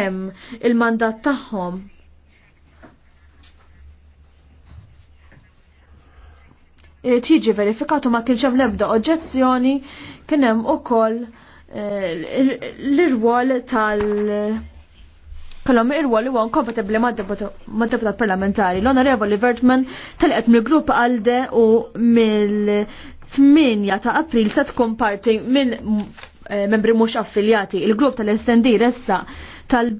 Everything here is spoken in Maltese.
hemm il-mandat tagħhom. E, Tiġi verifikatu ma kienx hemm l-ebda oġġezzjoni kien hemm ukoll e, l-irwol tal- Kallom irwol huwa inkompatibbli mad-deputat parlamentari. L-Onorevoli Vertman telqet mill-grupp għalde u mill-8 ta' April se tkun parti minn e, membri mhux affiljati. Il-grupp tal estendir ressa tal